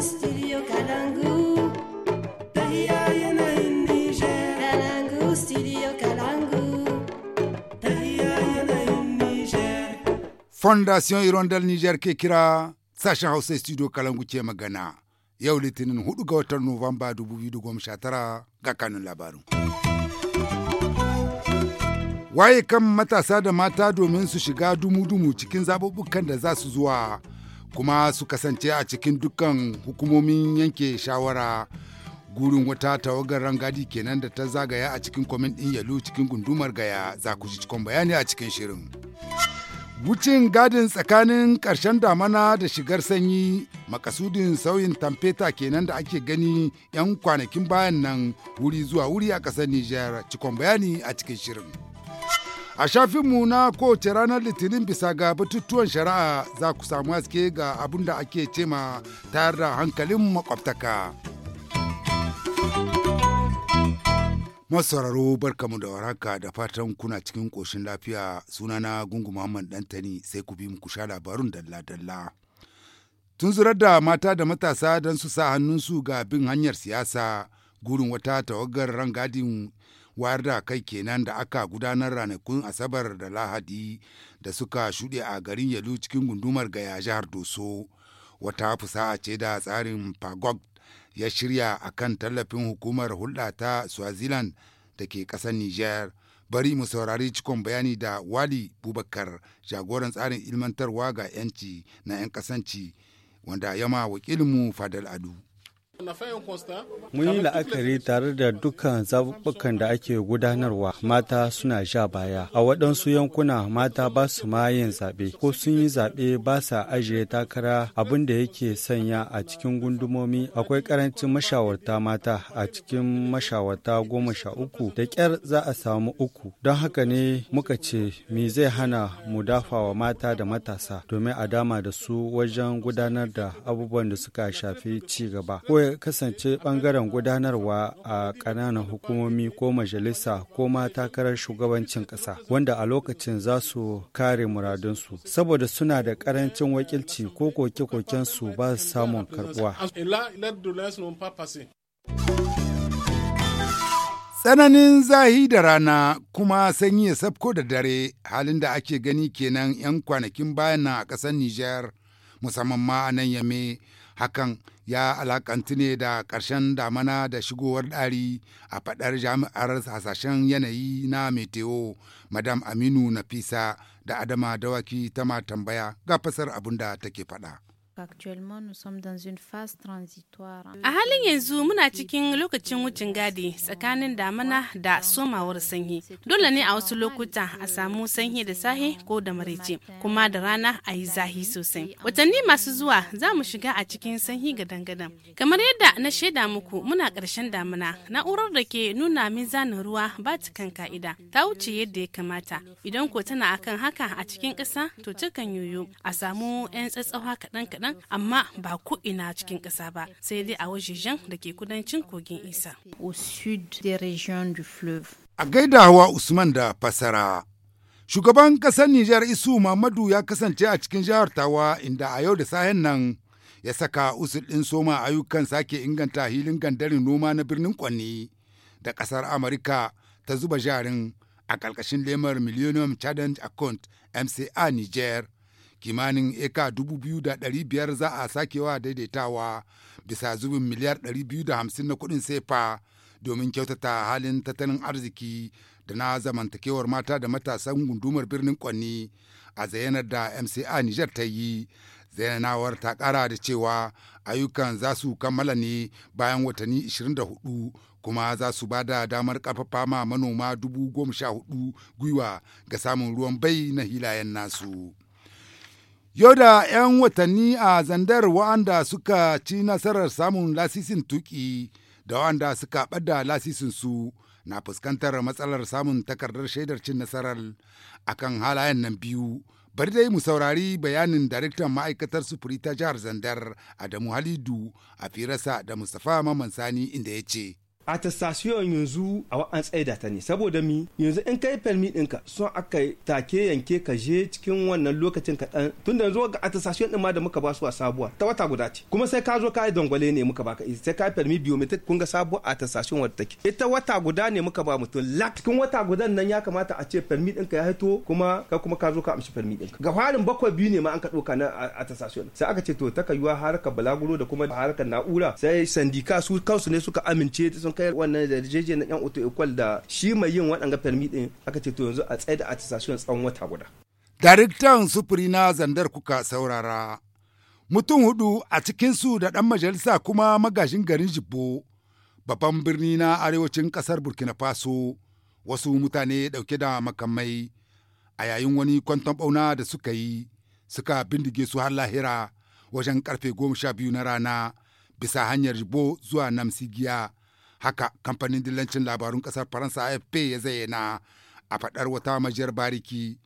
studio Fondation Irondel Niger ke kira sashen Hausa studio Kalangu ce magana. Yau Litinin hudu ga watan Nuwamba tara ga kanun labarin. Waye kan matasa da mata domin su shiga dumu-dumu cikin zaɓuɓɓukan da za su zuwa kuma su kasance a cikin dukkan hukumomin yanke shawara gurin wata tawagar rangadi kenan da ta zagaya a cikin kwamin ɗin yalu cikin gundumar gaya za ku ji cikon bayani a cikin shirin wucin gadin tsakanin ƙarshen damana da shigar sanyi makasudin sauyin tamfeta kenan da ake gani 'yan kwanakin bayan nan wuri zuwa wuri a ƙasar nijar cikon bayani a cikin shirin A shafinmu na kowace ranar Litinin bisa ga batutuwan shari'a za ku samu haske ga abin da ake cema tayar da hankalin makwabtaka. Masauraro barkamu da waraka da fatan kuna cikin koshin lafiya sunana Gungu Muhammad Dantani sai ku bi mu ku sha labarun dalla-dalla. Tun zurar da mata da matasa don su sa hannunsu ga bin hanyar siyasa gurin wata tawagar rangadin wayar da kai kenan da aka gudanar ranakun asabar da lahadi da suka shuɗe a garin yalu cikin gundumar gaya jihar doso wata fusa'a ce da tsarin pagog ya shirya a kan tallafin hukumar hulɗa ta swaziland da ke ƙasar niger bari mu saurari cikon bayani da wali bubakar jagoran tsarin ilmantarwa ga 'yanci na 'yan kasanci wanda ya ma wakilinmu fadal adu Mun yi la'akari tare da dukkan zaɓuɓɓukan da ake gudanarwa mata suna sha baya. A waɗansu yankuna mata ba su ma yin zaɓe ko sun yi zaɓe ba sa ajiye takara abin da yake sanya a cikin gundumomi akwai karancin mashawarta mata a cikin mashawarta goma sha uku da ƙyar za a samu uku. Don haka ne muka ce me zai hana mu dafa wa mata da matasa domin a dama da su wajen gudanar da abubuwan da suka shafi ci gaba. kasance bangaren gudanarwa a ƙananan hukumomi ko majalisa ko ma takarar shugabancin ƙasa wanda a lokacin za su kare muradunsu saboda suna da ƙarancin wakilci ko koke su ba su samun karbuwa. Tsananin zahi da rana kuma sanyi ya sabko da dare halin da ake gani kenan 'yan kwanakin bayan a ƙasar Nijar musamman ma a nan yame hakan ya alakantu ne da ƙarshen damana da shigowar ɗari a faɗar jami'ar hasashen yanayi na meteo madam aminu nafisa da adama dawaki ta ma tambaya ga fasar abin da take faɗa. A halin yanzu muna cikin lokacin wucin gadi tsakanin damana da somawar sanyi. Dole ne a wasu lokuta a samu sanyi da sahe ko da marece, kuma da rana a yi zahi sosai. Watanni masu zuwa za mu shiga a cikin sanyi gadan-gadan. Kamar yadda na shaida muku muna ƙarshen damana, na'urar da ke nuna mizanin ruwa ba ta kan ka'ida, ta wuce yadda ya kamata. Idan ko tana akan haka a cikin ƙasa to takan yoyo a samu 'yan tsatsawa kaɗan-kaɗan nan amma ba ku ina cikin ƙasa ba sai dai a wajejen da ke kudancin kogin isa. de A gaidawa Usman da fasara. Shugaban ƙasar Nijar Isu Muhammadu ya kasance a cikin jihar Tawa inda a yau da sahen nan ya saka usul ɗin soma ayyukan sake inganta hilin gandarin noma na birnin Kwanni da ƙasar Amurka ta zuba jarin a ƙarƙashin lemar Millennium Challenge Account MCA Niger kimanin eka 2,500 za a sakewa daidaitawa bisa zubin miliyar 250 na kuɗin sefa domin kyautata halin tattalin arziki da na zamantakewar mata da matasan gundumar birnin kwanni a zayanar da mca niger ta yi zayyanawar ta kara da cewa ayyukan za su kammala ne bayan watanni 24 kuma za su ba da damar karfafa ma manoma 14,000 gwiwa ga samun ruwan bai na hilayen nasu. Yau da 'yan watanni a zandar wa'anda suka ci nasarar samun lasisin tuki da wa'anda suka ɓada su na fuskantar matsalar samun takardar shaidar cin nasarar akan halayen nan biyu. Bari dai mu saurari bayanin daraktan ma'aikatar sufuri ta jihar Zandar Adamu Halidu a firarsa da Mustapha Maman Sani inda ya ce. attestation yanzu a an tsaida ta ne saboda mi yanzu in kai permit ɗinka son aka take yanke ka je cikin wannan lokacin ka dan tunda yanzu ga attestation din ma da muka ba su a sabuwa ta wata guda ce kuma sai ka zo kai dangwale ne muka baka sai ka permit biometric kun ga sabuwa attestation wadda take ita wata guda ne muka ba mutum lak cikin wata gudan nan ya kamata a ce permit ɗinka ya hito kuma ka kuma ka zo ka amshi permit ɗinka ga farin bakwai biyu ne ma an ka doka na attestation sai aka ce to ta kayuwa harkar balaguro da kuma harkar na'ura sai sandika su kansu ne suka amince sun kai wannan yarjeje na yan auto equal da shi mai yin waɗanga permit din aka ce to yanzu a tsaye da attestation tsawon wata guda daraktan sufuri na zandar kuka saurara mutum hudu a cikin su da ɗan majalisa kuma magashin garin jibbo babban birni na arewacin kasar burkina faso wasu mutane ɗauke da makamai a yayin wani kwanton bauna da suka yi suka bindige su har lahira wajen karfe goma sha biyu na rana bisa hanyar jibo zuwa namsigiya haka kamfanin dillancin labarun kasar faransa afp ya zayyana a faɗar wata majiyar bariki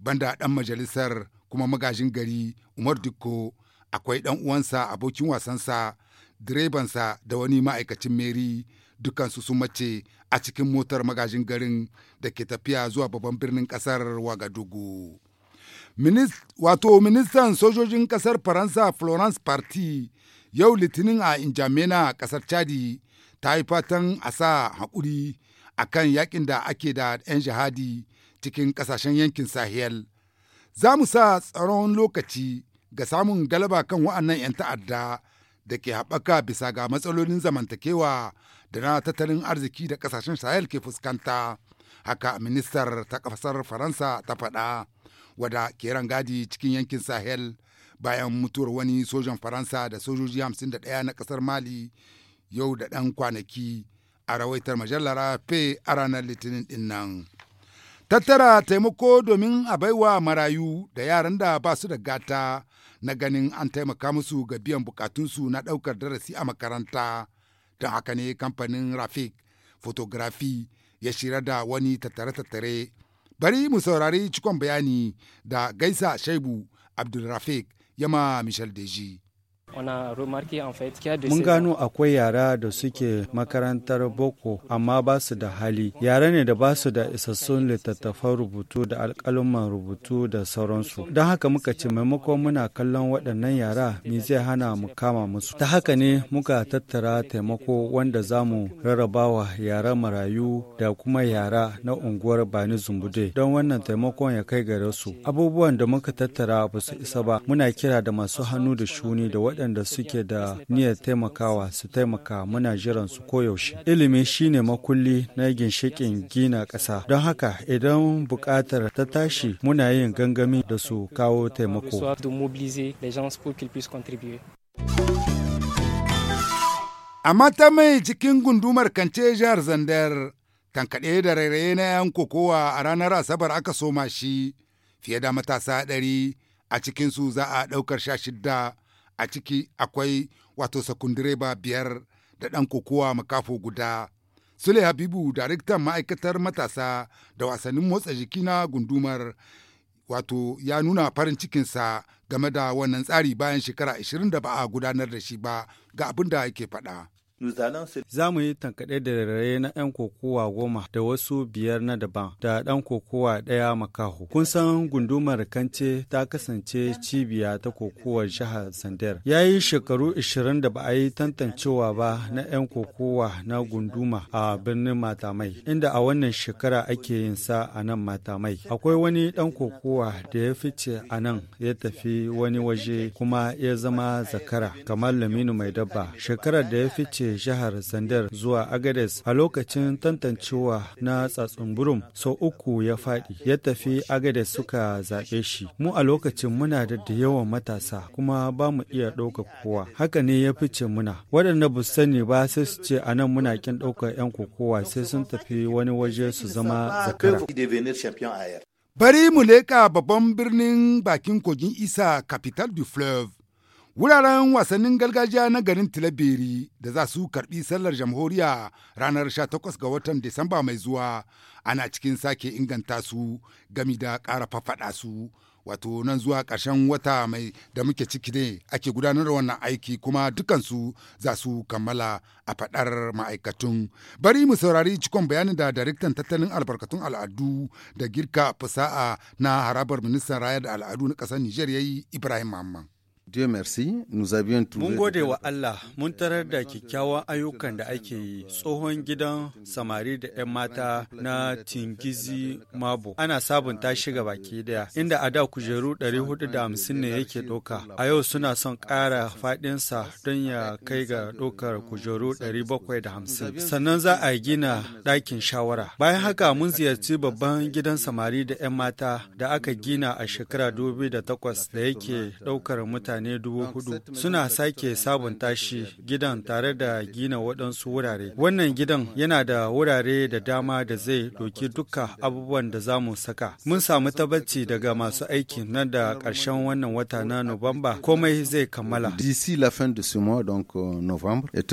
banda ɗan majalisar kuma magajin gari umar dukko akwai ɗan uwansa abokin wasansa direbansa da wani ma'aikacin meri dukansu sun mace a cikin motar magajin garin da ke tafiya zuwa babban birnin ƙasar wagadugu wato ministan sojojin kasar faransa florence party yau litinin a injamena ƙasar chadi ta yi fatan a sa haƙuri a kan yaƙin da ake da 'yan jihadi cikin ƙasashen yankin sahel za mu sa tsaron lokaci ga samun galaba kan wa'annan 'yan ta'adda da ke haɓaka bisa ga matsalolin zamantakewa da na tattalin arziki da ƙasashen sahel ke fuskanta haka ministar ta ƙasar faransa ta faɗa wada ke rangadi cikin yankin sahel bayan mutuwar wani sojan faransa da sojoji 51 na ƙasar mali yau da ɗan kwanaki a rawaitar majalar fe a ranar litinin ɗin Tattara taimako domin a baiwa marayu da yaran da ba su da gata na ganin an taimaka musu ga biyan bukatunsu na ɗaukar darasi a makaranta. Don haka ne kamfanin Rafik Photography ya shira da wani tattare-tattare. Bari mu saurari cikon bayani da Gaisa Shaibu Abdulrafik yama Michel Deji. Mun gano akwai yara da suke makarantar boko amma ba su da hali. Yara ne da ba su da isassun littattafan rubutu da alƙaluman rubutu da sauransu. Don haka muka ce maimakon muna kallon waɗannan yara me zai hana mu kama musu. Ta haka ne muka tattara taimako wanda za mu rarrabawa yara marayu da kuma yara na unguwar Bani Zumbude don wannan taimakon ya kai gare su. Abubuwan da muka tattara ba su isa ba muna kira da masu hannu da shuni da waɗanda waɗanda suke da niyyar taimakawa su taimaka muna jiran su koyaushe. Ilimi shine makulli na ginshiƙin gina ƙasa. Don haka idan buƙatar ta tashi muna yin gangami da su kawo taimako. A mata mai cikin gundumar kance jihar Zandar, tankaɗe da rairaye na 'yan kokowa a ranar Asabar aka soma shi fiye da matasa ɗari a cikinsu za a ɗaukar sha shidda a ciki akwai wato sakundireba biyar da ɗan kokowa makafo guda. Sule Habibu, daraktan ma'aikatar matasa da wasannin motsa jiki na gundumar wato ya nuna farin cikinsa game da wannan tsari bayan shekara 20 da ba a gudanar da shi ba ga abin da yake faɗa. Za mu yi tankaɗe da rarraye na 'yan kokowa goma da wasu biyar na daban da ɗan kokowa ɗaya makaho. Kun san gundumar Kance ta kasance cibiya ta kokowar jihar sander Ya yi shekaru 20 da ba a yi tantancewa ba na 'yan kokowa na gunduma a birnin Matamai, inda a wannan shekara ake yin sa a nan Matamai. Akwai wani ɗan kokowa da ya fice a nan ya tafi wani waje kuma ya zama zakara kamar Laminu Mai Dabba. Shekarar da ya fice jihar Zandar zuwa Agades a lokacin tantancewa na tsatsunburum sau uku ya faɗi ya tafi Agades suka zaɓe shi. Mu a lokacin muna da da yawan matasa kuma ba mu iya ɗauka kowa. Haka ne ya fice muna. Waɗanda ba sani ba sai su ce a nan muna kin ɗaukar 'yan kokowa sai sun tafi wani waje su zama zakara. Bari mu leƙa babban birnin bakin kogin Isa, capital du fleuve. Wuraren wasannin gargajiya na garin Tilaberi da za su karbi sallar jamhuriya ranar 18 ga watan Disamba mai zuwa ana cikin sake inganta su gami da ƙara fafaɗa su. Wato nan zuwa ƙarshen wata mai da muke ciki ne ake gudanar da wannan aiki kuma dukansu za su kammala a faɗar ma'aikatun. Bari mu saurari cikon bayanin da daraktan tattalin albarkatun al'adu da girka fasa'a na harabar ministan Rayar da al'adu na ƙasar Nijar yayi Ibrahim Mamman. Dieu merci, nous avions trouvé. Mun gode wa Allah, mun tarar da kyakkyawan ayyukan da ake yi tsohon gidan samari da 'yan mata na Tingizi Mabo. Ana sabunta shi ga baki daya, inda a da kujeru 450 ne yake doka. A yau suna son ƙara faɗinsa don ya kai ga ɗaukar kujeru 750. Sannan za a gina ɗakin shawara. Bayan haka mun ziyarci babban gidan samari da 'yan mata da aka gina a shekara 2008 da yake ɗaukar mutane mutane dubu hudu suna sake sabunta shi gidan tare da gina waɗansu wurare. Wannan gidan yana da wurare da dama da zai doki duka abubuwan da za mu saka. Mun samu tabbaci daga masu aiki nan da ƙarshen wannan wata na Nuwamba komai zai kammala. Euh, et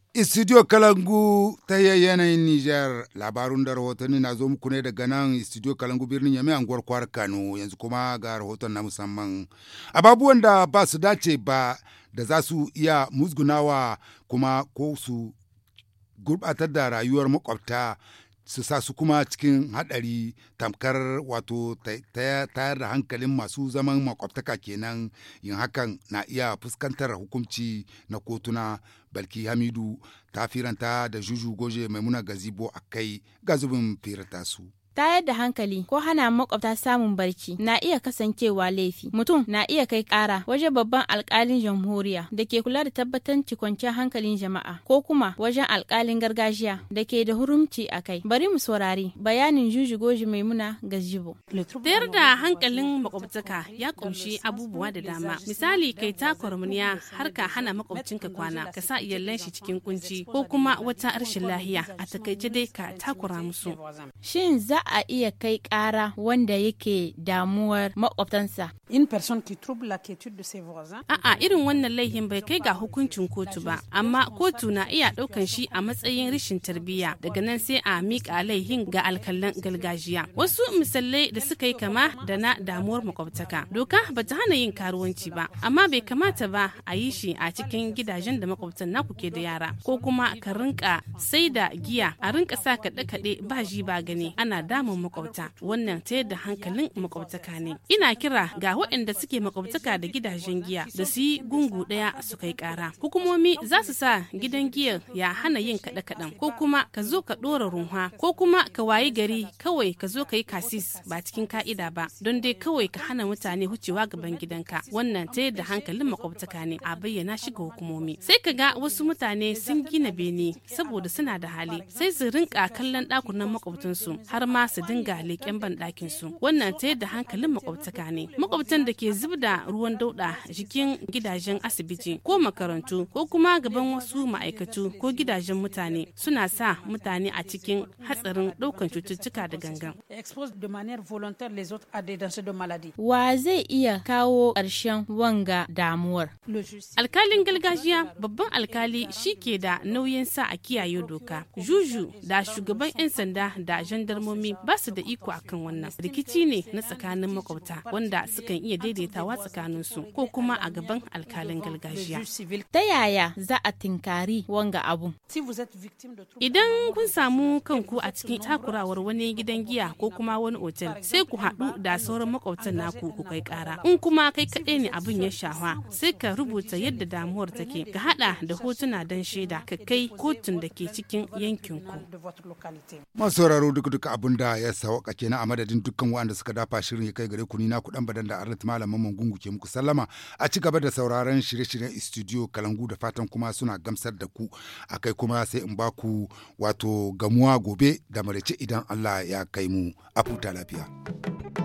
Studio Kalangu ta yanayin Nijar labarun da rahotanni na zo muku ne daga nan Studio Kalangu birnin Yamai anguwar kwar Kano yanzu kuma ga rahoton na musamman. Ababuwan da ba su dace ba da za su iya musgunawa kuma ko su gurbatar da rayuwar makwabta su sa su kuma cikin haɗari tamkar wato tayar da hankalin masu zaman makwabtaka kenan yin hakan na iya fuskantar hukunci na kotuna balki hamidu ta firanta da juju goje maimuna gazibo a kai gazubin firanta su tayar da hankali ko hana makwabta samun barci na iya kasancewa laifi mutum na iya kai kara waje babban alkalin jamhuriya da ke kula da tabbatanci kwanciyar hankalin jama'a ko kuma wajen alkalin gargajiya da ke da hurumci a kai bari mu saurari bayanin juji goji ga jibo tayar da hankalin makwabtaka ya kunshi abubuwa da dama misali kai ta kwarmuniya har ka hana makwabcinka kwana ka sa iyalan shi cikin kunci ko kuma wata rashin lahiya a takaice dai ka takura musu shin za za a iya kai ƙara wanda yake damuwar makwabtansa. A'a irin wannan laihin bai kai ga hukuncin kotu ba, amma kotu na iya ɗaukan shi a matsayin rashin tarbiyya daga nan sai a mika laihin ga alkalan gargajiya. Wasu misalai da suka yi kama da na damuwar makwabtaka. Doka ba ta hana yin karuwanci ba, amma bai kamata ba a yi shi a cikin gidajen da makwabtan naku ke da yara, ko kuma ka rinka sai da giya a rinka sa kaɗe-kaɗe ba ji ba gani ana damun makwabta wannan ta yadda hankalin makwabtaka ne ina kira ga waɗanda suke makwabtaka da gidajen giya da su yi gungu ɗaya su kai ƙara hukumomi za su sa gidan giyar ya hana yin kaɗe kaɗan ko kuma ka zo ka ɗora runwa ko kuma ka wayi gari kawai ka zo ka yi kasis ba cikin ka'ida ba don dai kawai ka hana mutane wucewa gaban gidanka wannan ta yadda hankalin makwabtaka ne a bayyana shi ga hukumomi sai ka ga wasu mutane sun gina bene saboda suna da hali sai su rinka kallon ɗakunan makwabtansu har ma kuma su dinga leƙen banɗakin su wannan ta yadda hankalin makwabtaka ne makwabtan da ke da ruwan dauɗa jikin gidajen asibiti ko makarantu ko kuma gaban wasu ma'aikatu ko gidajen mutane suna sa mutane a cikin hatsarin ɗaukan cututtuka da gangan wa zai iya kawo ƙarshen wanga damuwar alkalin gargajiya babban alkali shi ke da nauyin sa a kiyaye doka juju da shugaban 'yan sanda da jandarmomi ba su da iko akan wannan rikici ne na tsakanin makwabta wanda sukan iya daidaitawa tsakanin su ko kuma a gaban alkalin gargajiya ta yaya za a tinkari wanga abu idan kun samu kanku a cikin takurawar wani gidan giya ko kuma wani otel sai ku haɗu da sauran makwabtan naku ku kai kara in kuma kai kaɗai ne abin ya shafa sai ka rubuta yadda damuwar take ka haɗa da hotuna don shaida ka kai kotun da ke cikin yankinku. Masu sauraro duk duka abin da ya sauka kenan a madadin dukkan waɗanda suka dafa shirin ya kai gare ku ni na kuɗan badan da Arlit Malamin Mangungu ke muku sallama a ci gaba da sauraron shirye-shiryen studio Kalangu da fatan kuma suna gamsar da ku a kai kuma sai in ba ku wato gamuwa gobe da maraice idan Allah ya kai mu a lafiya.